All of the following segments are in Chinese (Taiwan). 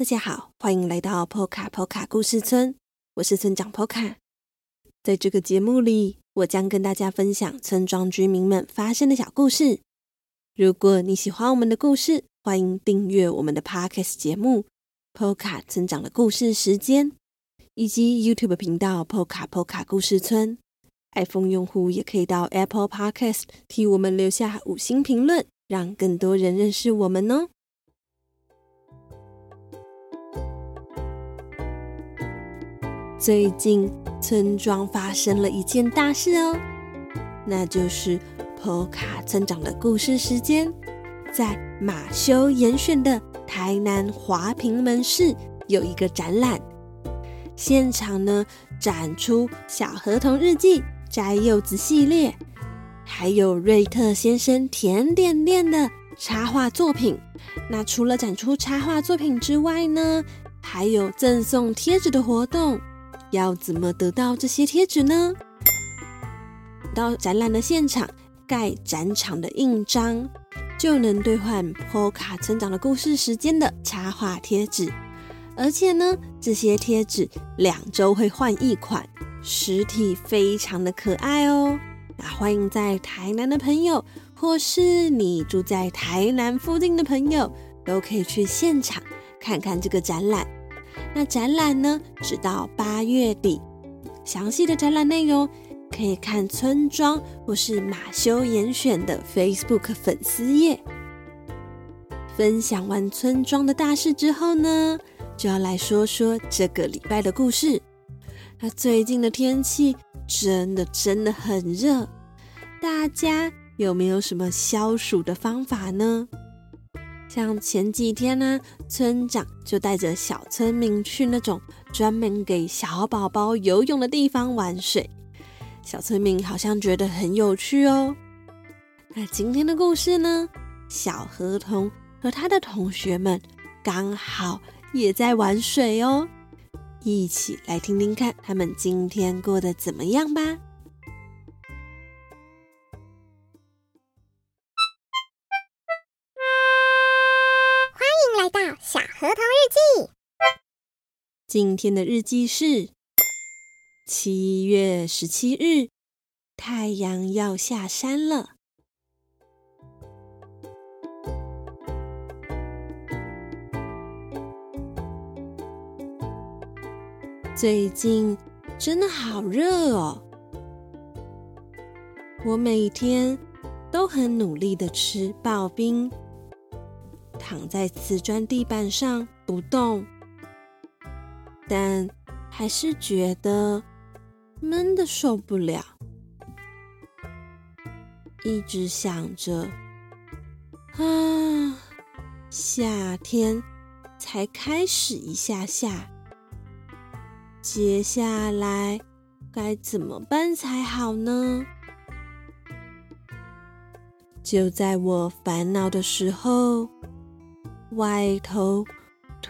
大家好，歡迎來到 Poca Poca 故事村，我是村長 Poca。在這個節目裡，我將跟大家分享村莊居民們發生的小故事。如果你喜歡我們的故事，歡迎訂閱我們的 Podcast 節目 Poca 村長的故事時間，以及 YouTube 頻道 Poca Poca 故事村。iPhone 用戶也可以到 Apple Podcast 替我們留下五星評論，讓更多人認識我們哦。最近村莊發生了一件大事哦，那就是坡卡村長的故事時間，在馬修嚴選的台南華平門市有一個展覽，現場呢，展出小河童日記、摘柚子系列，還有瑞特先生甜點店的插畫作品。那除了展出插畫作品之外呢，還有贈送貼紙的活動。要怎麼得到這些貼紙呢？到展覽的現場，蓋展場的印章，就能兌換《波卡成長的故事》時間的插畫貼紙。而且呢，這些貼紙兩周會換一款，實體非常的可愛哦。那歡迎在台南的朋友，或是你住在台南附近的朋友，都可以去現場看看這個展覽。那展覽呢，直到八月底。詳細的展覽內容可以看村莊或是馬修嚴選的 Facebook 粉絲頁。分享完村莊的大事之後呢，就要來說說這個禮拜的故事。那最近的天氣真的真的很熱，大家有沒有什麼消暑的方法呢？像前幾天呢、啊，村長就帶着小村民去那種專門給小寶寶游泳的地方玩水，小村民好像覺得很有趣哦。那今天的故事呢，小河童和他的同學們剛好也在玩水哦，一起來聽聽看他們今天過得怎麼樣吧。今天的日記是七月十七日，太陽要下山了。最近真的好熱哦，我每天都很努力的吃刨冰，躺在瓷磚地板上不動。但還是覺得悶得受不了，一直想着啊，夏天才開始一下下，接下來該怎麼辦才好呢？就在我煩惱的時候，外頭。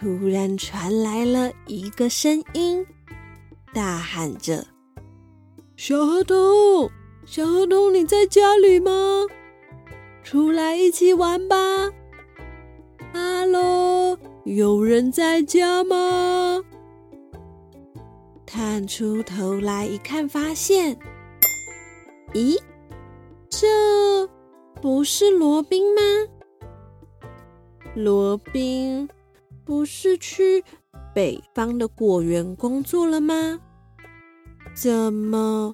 突然傳來了一個聲音，大喊着：“小河童，小河童，你在家裡嗎？出來一起玩吧！”“哈囉，有人在家嗎？”探出頭來一看，發現：“咦，這不是羅賓嗎？”羅賓。不是去北方的果園工作了嗎？怎麼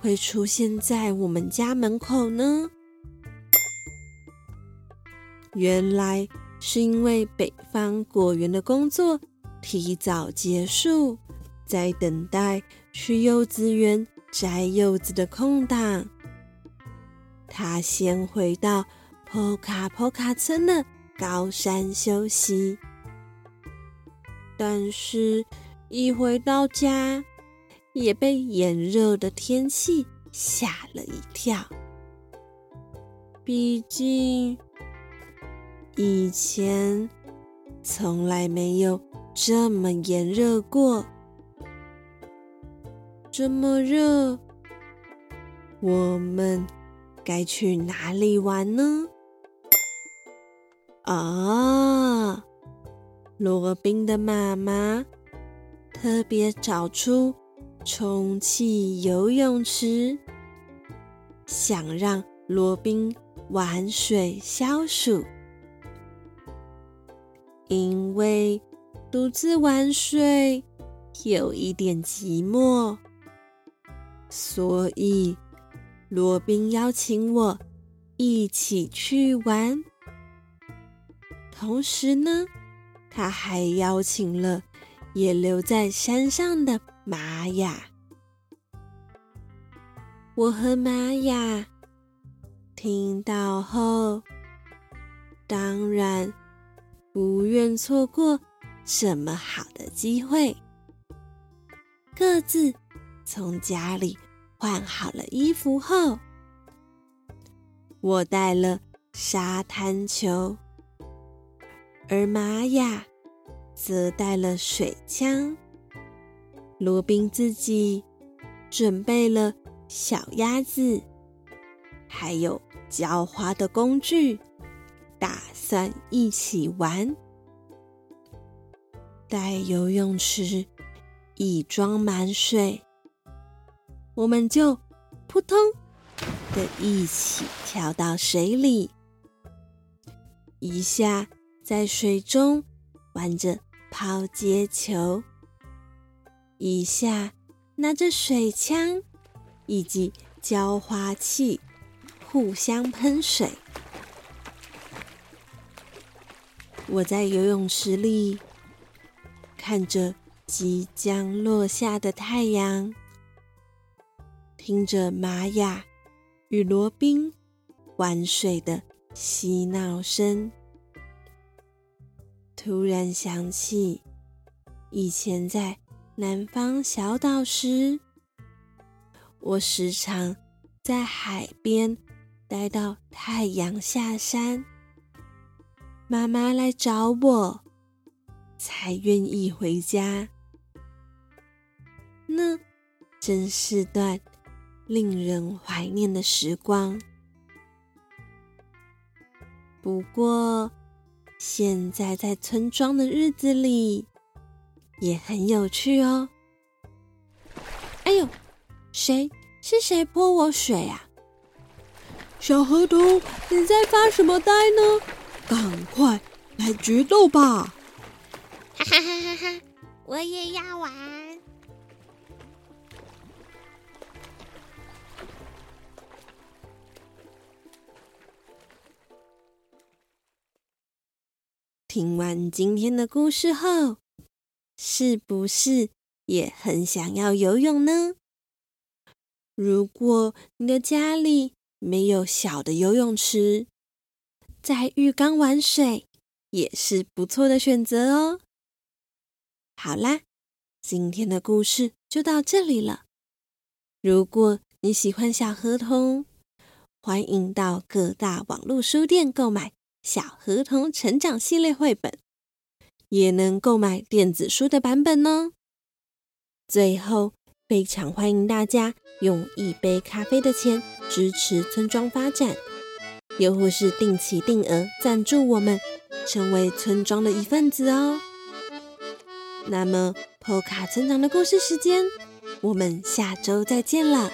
會出現在我們家門口呢？原來是因為北方果園的工作提早結束，在等待去幼稚園摘柚子的空檔，他先回到波卡波卡村的高山休息。但是，一回到家，也被炎熱的天氣嚇了一跳。畢竟，以前從來沒有這麼炎熱過。這麼熱，我們該去哪裡玩呢？啊、哦！羅賓的媽媽特別找出充氣游泳池，想讓羅賓玩水消暑。因為獨自玩水有一點寂寞，所以羅賓邀請我一起去玩。同時呢，他還邀請了也留在山上的瑪雅。我和瑪雅聽到後，當然不願錯過什麼好的機會，各自從家裡換好了衣服後，我帶了沙灘球。而瑪雅則帶了水槍，羅賓自己準備了小鴨子，還有澆花的工具，打算一起玩。待游泳池已裝滿水，我們就撲通的一起跳到水裡，一下。在水中玩着拋接球，一下拿着水槍以及澆花器互相噴水。我在游泳池裡看着即將落下的太陽，聽着瑪雅與羅賓玩水的嬉鬧聲。突然想起，以前在南方小島時，我時常在海邊待到太陽下山，媽媽來找我，才願意回家。那真是段令人懷念的時光。不過，現在在村莊的日子裡也很有趣哦。哎呦，誰是誰潑我水呀？小河童，你在發什麼呆呢？趕快來決鬥吧！哈哈哈哈哈！我也要玩。聽完今天的故事後，是不是也很想要游泳呢？如果你的家裡沒有小的游泳池，在浴缸玩水也是不錯的選擇哦。好啦，今天的故事就到這裡了。如果你喜歡小河童，歡迎到各大網絡書店購買。小河童成長系列繪本，也能購買電子書的版本呢、哦。最後，非常歡迎大家用一杯咖啡的錢支持村莊發展，又或是定期定額贊助我們，成為村莊的一份子哦。那麼，波卡村長的故事時間，我們下週再見啦！